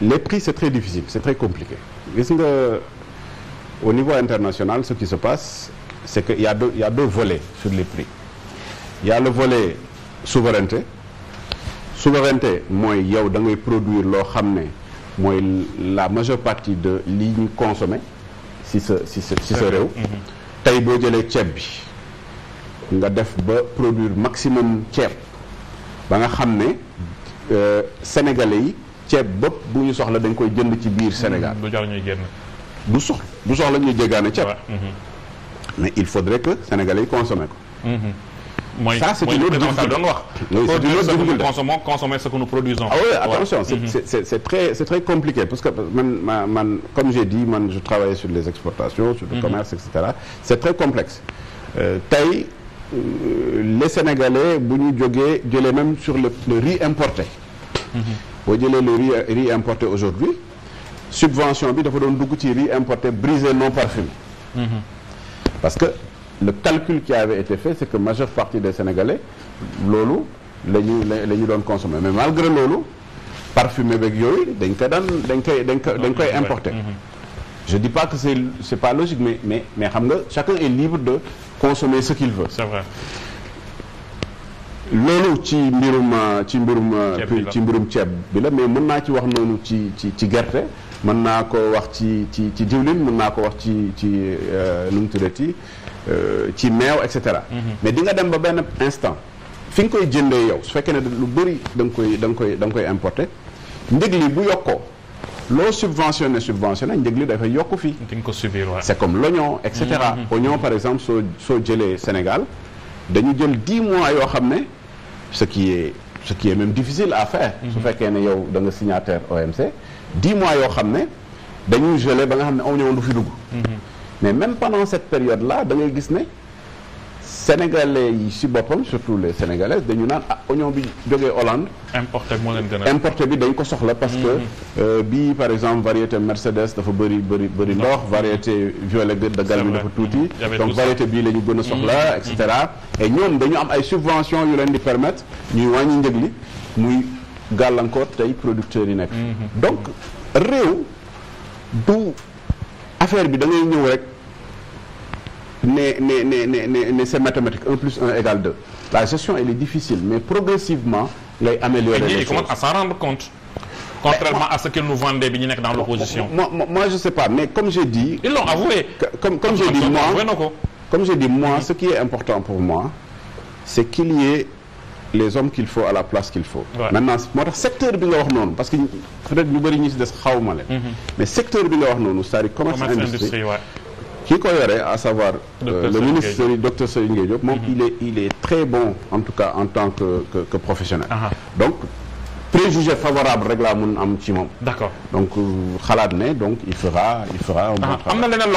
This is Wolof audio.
les prix c'est très difficile c'est très compliqué gis nga au niveau international ce qui se passe c'est que il y a deux, il y a deux volets sur les prix il volet souveraineté souveraineté mooy yow da ngay produire loo xam ne mooy la majeure partie de li ñu consommé si sa si sa réew mm-hmm. tey boo jëlee ceeb bi nga def ba produire maximum ceeb ba nga xam ne euh, sénégalais yi ceeb bëpp bu ñu soxla dañ koy jënd ci biir Sénégal. Mm-hmm. du soxla ñuy génn. du sox du ñuy jéggaane ceeb. Mm-hmm. mais il faudrait que sénégalais yi consommer ko. Mm-hmm. mooy ça c'est une autre difficulté doon wax. oui c'est une autre difficulté consommons consommer ce que nous produisons. ah oui attention c'est c'est c'est très compliqué parce que comme j'ai dit je travaillais sur les exportations. sur le commerce et c'est très complexe. Euh, tey euh, les sénégalais bu ñu jógee jëlee même sur le riz importé. boo jëlee le riz riz importé aujourd'hui subvention bi dafa doon dugg ci riz importé brisé non parfumé mhm. parce que le calcul qui avait été fait c'est que majeure partie des sénégalais loolu la ñu la ñu doon consommer mais malgré loolu parfumé beeg yooyu dañ ko daan dañ koy dañ koy dañ koy importé mhm. je dis pas que c'est c'est pas logique mais mais mais xam nga chacun est libre de consommer ce qu'il veut loolu ci mbirum euh, ci mbirum euh, ci mbirum ceeb bi la mais mën naa ci wax noonu ci ci ci gerte mën naa ko wax ci ci ci diwlin mën naa ko wax ci ci euh, nu mu tuddati ci meew et cetera mhm. mais di nga dem ba benn instant fi nga koy jëndee yow su fekkee ne lu bëri da nga koy da nga koy da koy importer njëg li bu yokkoo loo subventionné subventionné njëg li dafay yokk fi di nga ko subir waaw c'est comme l'oignon et cetera mhm. oignon par exemple soo soo jëlee Sénégal dañu jël 10 mois yoo xam ne ce qui est ce qui est même difficile à faire. Mhm. su fekkee ne yow da nga signataire OMC. 10 mois yoo xam ne dañuy gelé ba nga xam ne amuñu woon du fi dugg. Mhm. mais même pendant cette période la da ngay gis ne. sénégalais yi si boppam surtout les sénégalaises dañu naan ah oignon bi jógee Hollande. importé moo leen gën bi dañ ko soxla parce que mhm. euh, bii par exemple variété Mercedes dafa bëri bëri bëri ndox. variété violet de Galmi dafa tuuti. Mhm. donc variété bii la ñu gën a mhm. soxla et cetera. et ñoom dañu am ay subventions yu leen di permettre ñuy wàññi njëg li muy gàllankoor tey producteurs yi nekk. donc réew du affaire bi da ngay ñëw rek. n'est n'est n'est n'est n'est c'est mathématique un plus un égale deux la gestion elle est difficile mais progressivement lay améliorer les choses et ils commencent à s'en rendre compte contrairement moi, à ce qu'ils nous vendaient bi ñu nekk dans l'opposition moi, moi, moi je sais pas mais comme j'ai dit ils l'ont avoué comme comme j'ai dit moi comme j'ai dit moi ce qui est important pour moi c'est qu'il y ait les hommes qu'il faut à la place qu'il faut ouais. maintenant moo tax secteur bi nga wax noonu parce que peut-être ñu bëri ñu ci des xawma leen mm-hmm. mais secteur bi nga wax noonu c'est-à-dire commerce industrie ouais. qui connaît, à savoir euh, le ministre docteur Serigne Gueye Diop, moom mm-hmm. il est il est très bon en tout cas en tant que que, que professionnel. Uh -huh. donc préjugé favorable rek laa mun am ci moom. d'accord donc euh, xalaat ne donc il fera il fera. un bon travail.